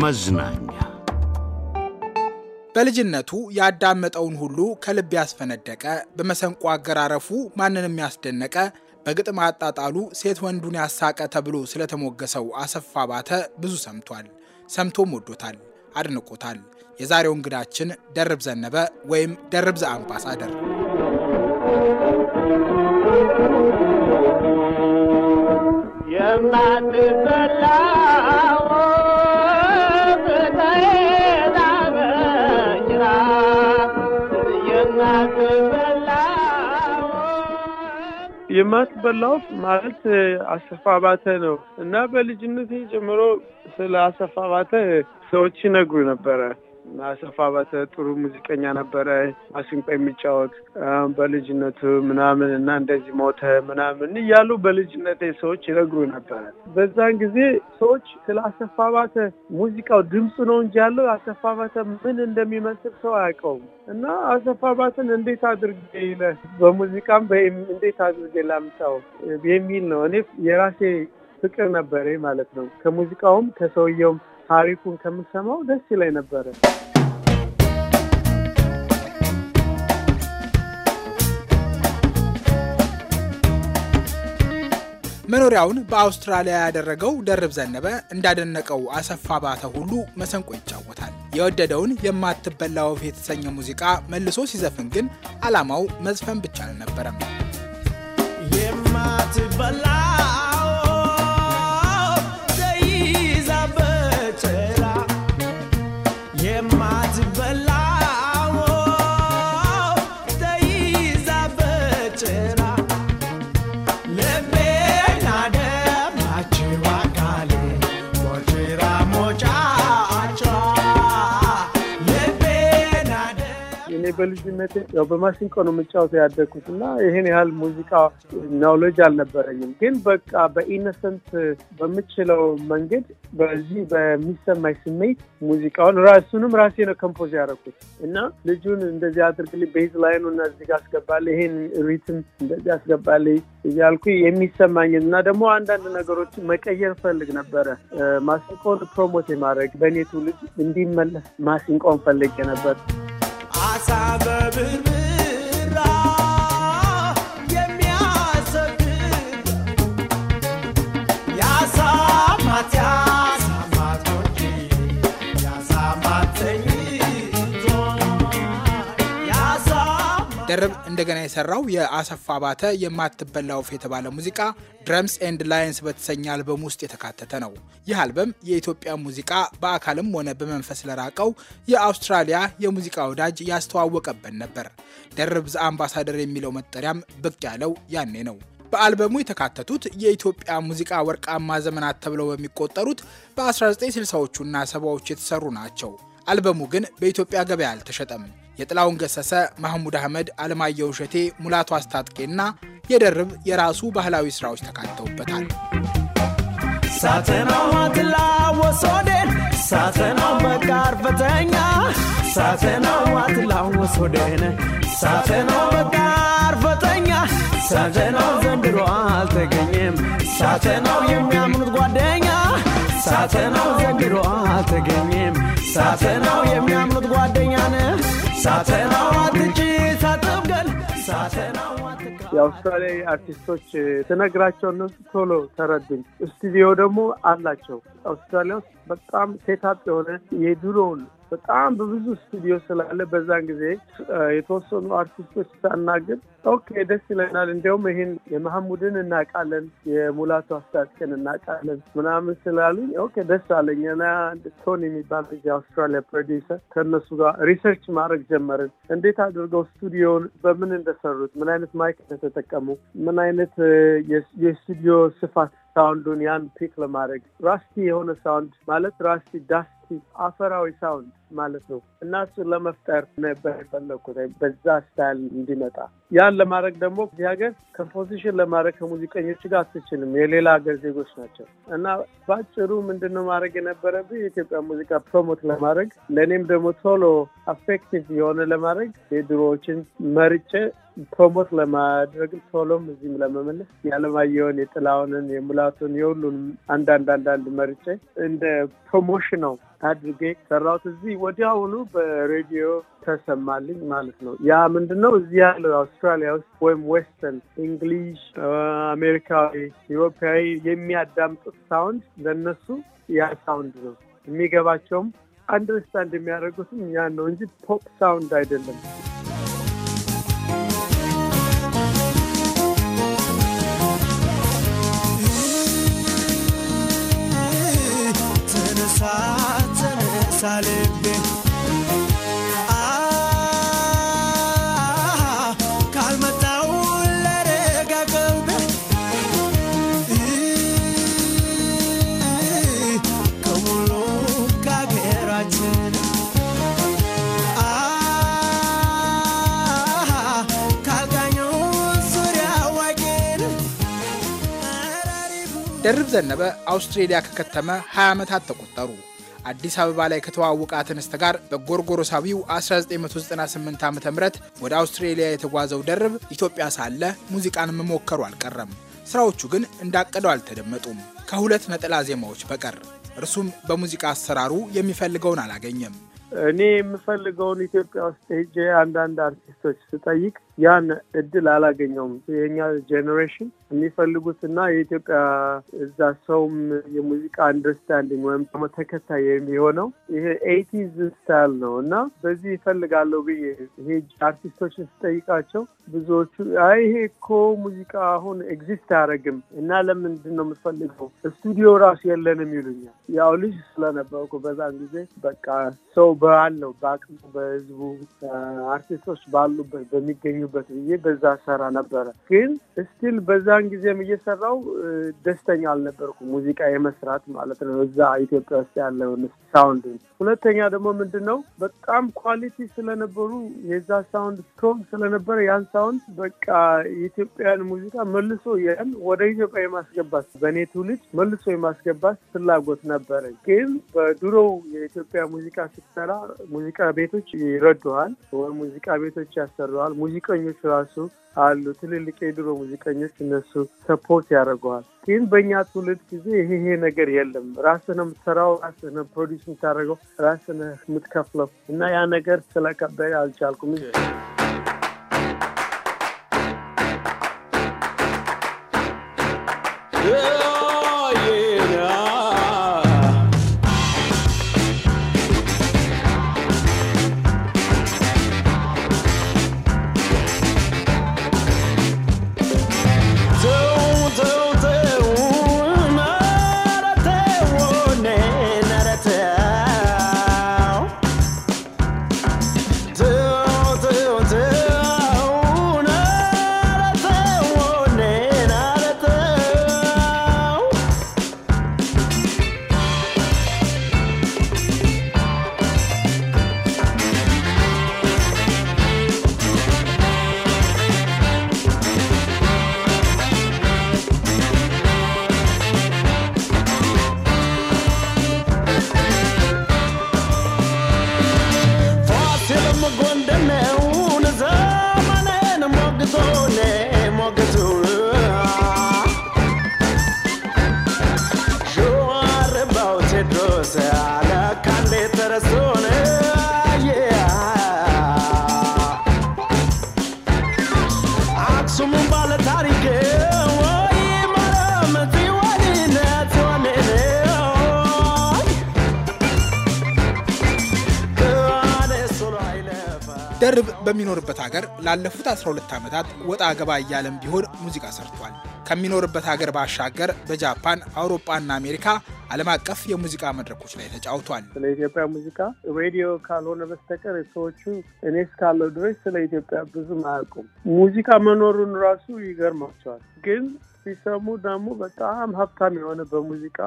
መዝናኛ በልጅነቱ ያዳመጠውን ሁሉ ከልብ ያስፈነደቀ፣ በመሰንቆ አገራረፉ ማንንም ያስደነቀ፣ በግጥም አጣጣሉ ሴት ወንዱን ያሳቀ ተብሎ ስለተሞገሰው አሰፋ ባተ ብዙ ሰምቷል። ሰምቶም ወዶታል፣ አድንቆታል። የዛሬው እንግዳችን ደርብ ዘነበ ወይም ደርብ ዘ አምባሳደር። የማትበላ የማትበላው ማለት አሰፋ አባተ ነው እና በልጅነት ጀምሮ ስለ አሰፋ አባተ ሰዎች ይነግሩ ነበረ። አሰፋ ባተ ጥሩ ሙዚቀኛ ነበረ፣ ማሲንቆ የሚጫወት በልጅነቱ ምናምን እና እንደዚህ ሞተ ምናምን እያሉ በልጅነት ሰዎች ይነግሩ ነበረ። በዛን ጊዜ ሰዎች ስለ አሰፋ ባተ ሙዚቃው ድምፅ ነው እንጂ ያለው አሰፋ ባተ ምን እንደሚመስል ሰው አያውቀውም። እና አሰፋ ባተን እንዴት አድርጌ ይለ በሙዚቃም እንዴት አድርጌ ላምጣው የሚል ነው። እኔ የራሴ ፍቅር ነበረ ማለት ነው። ከሙዚቃውም ከሰውየውም ታሪኩን ከምሰማው ደስ ይላይ ነበረ። መኖሪያውን በአውስትራሊያ ያደረገው ደርብ ዘነበ እንዳደነቀው አሰፋ ባተ ሁሉ መሰንቆ ይጫወታል። የወደደውን የማትበላ ወፍ የተሰኘ ሙዚቃ መልሶ ሲዘፍን ግን ዓላማው መዝፈን ብቻ አልነበረም። የማትበላ በልጅነት ያው በማሲንቆ ነው የምጫወት ያደግኩት እና ይሄን ያህል ሙዚቃ ናውሎጅ አልነበረኝም። ግን በቃ በኢነሰንት በምችለው መንገድ በዚህ በሚሰማኝ ስሜት ሙዚቃውን ራሱንም ራሴ ነው ከምፖዝ ያደረኩት እና ልጁን እንደዚህ አድርግልኝ፣ ቤዝ ላይኑ እና እዚህ ጋር አስገባልኝ፣ ይሄን ሪትም እንደዚህ አስገባልኝ እያልኩ የሚሰማኝ እና ደግሞ አንዳንድ ነገሮችን መቀየር ፈልግ ነበረ። ማሲንቆን ፕሮሞት የማድረግ በእኔ ትውልድ እንዲመለስ ማሲንቆን ፈልጌ ነበር። አሳ በብርብራ ደርብ እንደገና የሰራው የአሰፋ ባተ የማትበላ ወፍ የተባለ ሙዚቃ ድረምስ ኤንድ ላይንስ በተሰኘ አልበም ውስጥ የተካተተ ነው። ይህ አልበም የኢትዮጵያ ሙዚቃ በአካልም ሆነ በመንፈስ ለራቀው የአውስትራሊያ የሙዚቃ ወዳጅ ያስተዋወቀበት ነበር። ደርብ ዘ አምባሳደር የሚለው መጠሪያም ብቅ ያለው ያኔ ነው። በአልበሙ የተካተቱት የኢትዮጵያ ሙዚቃ ወርቃማ ዘመናት ተብለው በሚቆጠሩት በ1960ዎቹና ሰባዎች የተሰሩ ናቸው። አልበሙ ግን በኢትዮጵያ ገበያ አልተሸጠም። የጥላውን ገሰሰ፣ ማህሙድ አህመድ፣ አለማየሁ እሸቴ፣ ሙላቱ አስታጥቄና የደርብ የራሱ ባህላዊ ስራዎች ተካተውበታል። ሳተናው አትላ ወሶደን ሳተናው ፈተኛ ሳተናው አትላ ወሶደን ሳተናው ፈተኛ ሳተናው ዘንድሮ አልተገኘም ሳተናው የሚያምኑት ጓደኛ ሳተናው ዘንድሮ አልተገኘም። ሳተናው የሚያምኑት ጓደኛነ ሳተናው አትጭ ሳጠብገን ሳተናው የአውስትራሊያ አርቲስቶች ስነግራቸው እነሱ ቶሎ ተረዱኝ። ስቱዲዮ ደግሞ አላቸው። አውስትራሊያ ውስጥ በጣም ሴታፕ የሆነ የድሮውን በጣም በብዙ ስቱዲዮ ስላለ በዛን ጊዜ የተወሰኑ አርቲስቶች ሳናግር ኦኬ ደስ ይለናል፣ እንዲያውም ይሄን የመሐሙድን እናውቃለን፣ የሙላቱ አስታጥቅን እናውቃለን ምናምን ስላሉኝ ኦኬ ደስ አለኝ እና ቶን የሚባል የአውስትራሊያ ፕሮዲውሰር ከእነሱ ጋር ሪሰርች ማድረግ ጀመርን። እንዴት አድርገው ስቱዲዮን በምን እንደሰሩት፣ ምን አይነት ማይክ እንደተጠቀሙ፣ ምን አይነት የስቱዲዮ ስፋት ሳውንዱን ያን ፒክ ለማድረግ ራስቲ የሆነ ሳውንድ ማለት ራስቲ ዳስቲ አፈራዊ ሳውንድ ማለት ነው እና እሱ ለመፍጠር ነበር የፈለግኩት በዛ ስታይል እንዲመጣ። ያን ለማድረግ ደግሞ እዚህ ሀገር ከፖዚሽን ለማድረግ ከሙዚቀኞች ጋር አትችልም፣ የሌላ ሀገር ዜጎች ናቸው እና ባጭሩ ምንድነው ማድረግ የነበረብኝ የኢትዮጵያ ሙዚቃ ፕሮሞት ለማድረግ ለእኔም ደግሞ ቶሎ አፌክቲቭ የሆነ ለማድረግ የድሮዎችን መርጬ ፕሮሞት ለማድረግ ቶሎም እዚህም ለመመለስ የአለማየሁን፣ የጥላውንን የሙላቱን የሁሉን አንዳንድ አንዳንድ መርጬ እንደ ፕሮሞሽን ነው አድርጌ ሰራሁት። እዚህ ወዲያውኑ በሬዲዮ ተሰማልኝ ማለት ነው። ያ ምንድን ነው እዚህ ያለው አውስትራሊያ ውስጥ ወይም ዌስተርን እንግሊሽ፣ አሜሪካዊ፣ ኢሮፓዊ የሚያዳምጡት ሳውንድ ለነሱ ያ ሳውንድ ነው የሚገባቸውም አንደርስታንድ የሚያደርጉትም ያን ነው እንጂ ፖፕ ሳውንድ አይደለም። ደርብ ዘነበ አውስትሬሊያ ከከተመ 20 ዓመታት ተቆጠሩ። አዲስ አበባ ላይ ከተዋወቀ እንስት ጋር በጎርጎሮሳዊው 1998 ዓ ም ወደ አውስትሬሊያ የተጓዘው ደርብ ኢትዮጵያ ሳለ ሙዚቃን መሞከሩ አልቀረም። ስራዎቹ ግን እንዳቀደው አልተደመጡም፣ ከሁለት ነጠላ ዜማዎች በቀር። እርሱም በሙዚቃ አሰራሩ የሚፈልገውን አላገኘም። እኔ የምፈልገውን ኢትዮጵያ ውስጥ ሄጄ አንዳንድ አርቲስቶች ስጠይቅ ያን እድል አላገኘውም። የኛ ጄኔሬሽን የሚፈልጉት እና የኢትዮጵያ እዛ ሰውም የሙዚቃ አንደርስታንዲንግ ወይም ደግሞ ተከታይ የሚሆነው ይሄ ኤይቲዝ ስታይል ነው እና በዚህ ይፈልጋለሁ ብዬ ይሄ አርቲስቶች ስጠይቃቸው ብዙዎቹ ይሄ እኮ ሙዚቃ አሁን ኤግዚስት አያደርግም እና ለምንድን ነው የምትፈልገው ስቱዲዮ ራሱ የለንም ይሉኛል። ያው ልጅ ስለነበርኩ በዛን ጊዜ በቃ ሰው ባለው በአቅሙ በህዝቡ አርቲስቶች ባሉበት በሚገኙ ያገኙበት ብዬ በዛ ሰራ ነበረ። ግን ስቲል በዛን ጊዜም እየሰራው ደስተኛ አልነበርኩ ሙዚቃ የመስራት ማለት ነው እዛ ኢትዮጵያ ውስጥ ያለውን ሳውንድ። ሁለተኛ ደግሞ ምንድን ነው በጣም ኳሊቲ ስለነበሩ የዛ ሳውንድ ስትሮንግ ስለነበረ ያን ሳውንድ በቃ የኢትዮጵያን ሙዚቃ መልሶ ያን ወደ ኢትዮጵያ የማስገባት በእኔ ትውልድ መልሶ የማስገባት ፍላጎት ነበረ። ግን በድሮው የኢትዮጵያ ሙዚቃ ስትሰራ ሙዚቃ ቤቶች ይረዱሃል ወይ ሙዚቃ ቤቶች ያሰረዋል ሙዚቃ ሙዚቀኞች ራሱ አሉ ትልልቅ የድሮ ሙዚቀኞች እነሱ ሰፖርት ያደርገዋል። ግን በእኛ ትውልድ ጊዜ ይሄ ነገር የለም። ራስህ ነው የምትሰራው፣ ራስህ ነው ፕሮዲስ የምታደርገው፣ ራስህ ነው የምትከፍለው እና ያ ነገር ስለከበደ አልቻልኩም። ደርብ በሚኖርበት ሀገር ላለፉት 12 ዓመታት ወጣ ገባ እያለም ቢሆን ሙዚቃ ሰርቷል። ከሚኖርበት ሀገር ባሻገር በጃፓን አውሮፓና አሜሪካ ዓለም አቀፍ የሙዚቃ መድረኮች ላይ ተጫውቷል። ስለ ኢትዮጵያ ሙዚቃ ሬዲዮ ካልሆነ በስተቀር ሰዎቹ እኔ እስካለው ድረስ ስለ ኢትዮጵያ ብዙም አያውቁም። ሙዚቃ መኖሩን ራሱ ይገርማቸዋል ግን ሲሰሙ ደግሞ በጣም ሀብታም የሆነ በሙዚቃ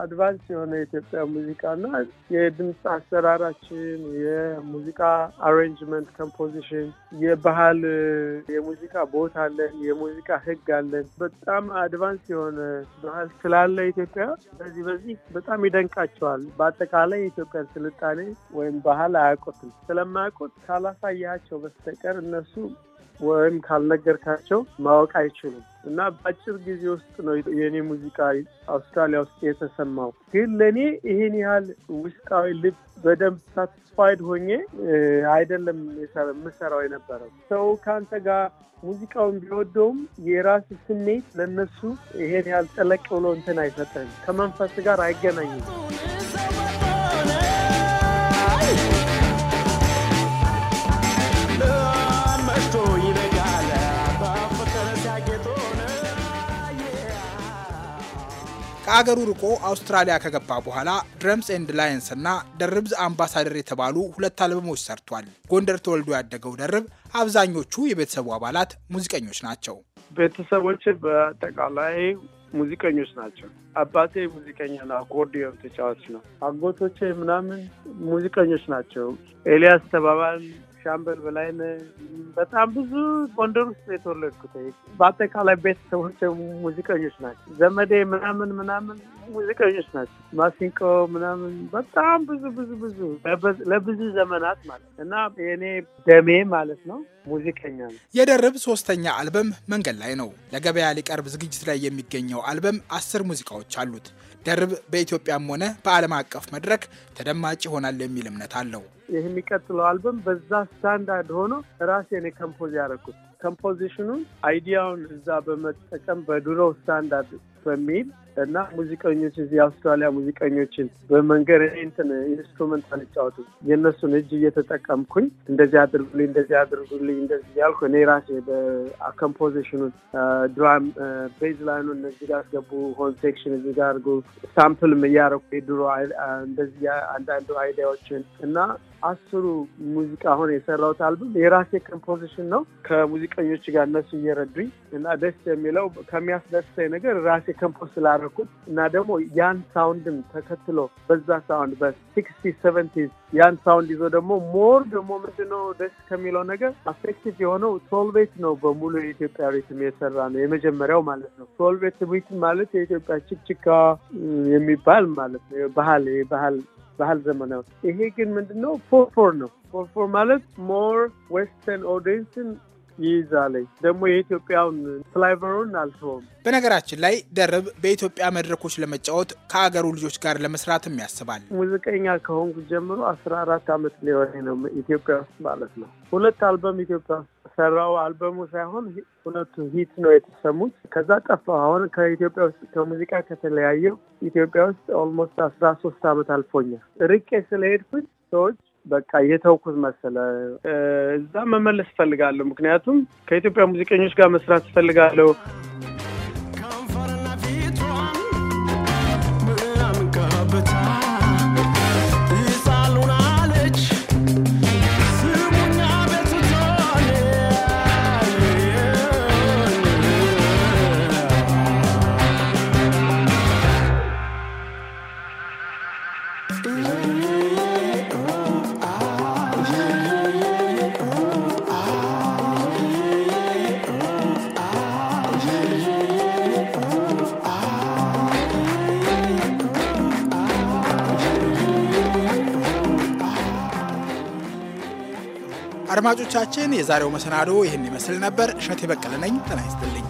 አድቫንስ የሆነ የኢትዮጵያ እና የድምፅ አሰራራችን፣ የሙዚቃ አሬንጅመንት ኮምፖዚሽን፣ የባህል የሙዚቃ ቦታ አለን፣ የሙዚቃ ህግ አለን። በጣም አድቫንስ የሆነ ባህል ስላለ ኢትዮጵያ በዚህ በዚህ በጣም ይደንቃቸዋል። በአጠቃላይ የኢትዮጵያን ስልጣኔ ወይም ባህል አያውቁትም። ስለማያውቁት ካላሳያቸው በስተቀር እነሱ ወይም ካልነገርካቸው ማወቅ አይችሉም። እና በአጭር ጊዜ ውስጥ ነው የእኔ ሙዚቃ አውስትራሊያ ውስጥ የተሰማው። ግን ለእኔ ይሄን ያህል ውስጣዊ ልብ በደንብ ሳትስፋይድ ሆኜ አይደለም የምሰራው የነበረው። ሰው ከአንተ ጋር ሙዚቃውን ቢወደውም የራስ ስሜት ለነሱ ይሄን ያህል ጠለቅ ብሎ እንትን አይሰጥህም፣ ከመንፈስ ጋር አይገናኝም። ከአገሩ ርቆ አውስትራሊያ ከገባ በኋላ ድረምስ ኤንድ ላየንስ እና ደርብዝ አምባሳደር የተባሉ ሁለት አልበሞች ሰርቷል። ጎንደር ተወልዶ ያደገው ደርብ አብዛኞቹ የቤተሰቡ አባላት ሙዚቀኞች ናቸው። ቤተሰቦች በአጠቃላይ ሙዚቀኞች ናቸው። አባቴ ሙዚቀኛና አኮርዲዮን ተጫዋች ነው። አጎቶቼ ምናምን ሙዚቀኞች ናቸው። ኤልያስ ተባባል ሻምበል በላይ በጣም ብዙ ጎንደር ውስጥ የተወለድኩት በአጠቃላይ ቤተሰቦች ሙዚቀኞች ናቸው። ዘመዴ ምናምን ምናምን ሙዚቀኞች ናቸው። ማሲንቆ ምናምን በጣም ብዙ ብዙ ብዙ ለብዙ ዘመናት ማለት እና የኔ ደሜ ማለት ነው ሙዚቀኛ ነው። የደርብ ሶስተኛ አልበም መንገድ ላይ ነው። ለገበያ ሊቀርብ ዝግጅት ላይ የሚገኘው አልበም አስር ሙዚቃዎች አሉት። ደርብ በኢትዮጵያም ሆነ በዓለም አቀፍ መድረክ ተደማጭ ይሆናል የሚል እምነት አለው። ይህ የሚቀጥለው አልበም በዛ ስታንዳርድ ሆኖ ራሴ ነው ኮምፖዝ ያደረኩት። ኮምፖዚሽኑን አይዲያውን እዛ በመጠቀም በድሮ ስታንዳርድ በሚል እና ሙዚቀኞች እዚህ የአውስትራሊያ ሙዚቀኞችን በመንገድ እንትን ኢንስትሩመንት አልጫወቱ የእነሱን እጅ እየተጠቀምኩኝ እንደዚህ አድርጉልኝ፣ እንደዚህ አድርጉልኝ፣ እንደዚህ ያልኩ እኔ ራሴ በኮምፖዚሽኑን ድራም ቤዝ ላይኑን እዚህ ጋር አስገቡ፣ ሆን ሴክሽን እዚህ ጋር አድርጉ፣ ሳምፕልም እያረኩ የድሮ እንደዚህ አንዳንዱ አይዲያዎችን እና አስሩ ሙዚቃ አሁን የሰራሁት አልበም የራሴ ኮምፖዚሽን ነው ከሙዚቀኞች ጋር እነሱ እየረዱኝ እና ደስ የሚለው ከሚያስደስተኝ ነገር ራሴ ኮምፖዝ ስላረኩት እና ደግሞ ያን ሳውንድም ተከትሎ በዛ ሳውንድ በሲክስቲ ሰቨንቲዝ ያን ሳውንድ ይዞ ደግሞ ሞር ደግሞ ምንድነው ደስ ከሚለው ነገር አፌክቲቭ የሆነው ሶልቤት ነው። በሙሉ የኢትዮጵያ ሪትም የሰራ ነው የመጀመሪያው ማለት ነው። ሶልቤት ሪትም ማለት የኢትዮጵያ ችክችካ የሚባል ማለት ነው ባህል ባህል ባህል ዘመናዊ። ይሄ ግን ምንድነው ፎርፎር ነው። ፎርፎር ማለት ሞር ዌስተርን ኦዲየንስን ይይዛለኝ ደግሞ የኢትዮጵያውን ፍላይቨሩን አልተወም። በነገራችን ላይ ደርብ በኢትዮጵያ መድረኮች ለመጫወት ከአገሩ ልጆች ጋር ለመስራትም ያስባል። ሙዚቀኛ ከሆንኩ ጀምሮ አስራ አራት አመት ሊሆን ነው ኢትዮጵያ ውስጥ ማለት ነው። ሁለት አልበም ኢትዮጵያ ውስጥ ሰራው አልበሙ ሳይሆን ሁለቱ ሂት ነው የተሰሙት። ከዛ ጠፋው አሁን ከኢትዮጵያ ውስጥ ከሙዚቃ ከተለያየው ኢትዮጵያ ውስጥ ኦልሞስት አስራ ሶስት አመት አልፎኛል። ርቄ ስለሄድኩት ሰዎች በቃ የተውኩት መሰለ። እዛ መመለስ እፈልጋለሁ፣ ምክንያቱም ከኢትዮጵያ ሙዚቀኞች ጋር መስራት እፈልጋለሁ። አድማጮቻችን፣ የዛሬው መሰናዶ ይህን ይመስል ነበር። እሸት የበቀለ ነኝ። ጤና ይስጥልኝ።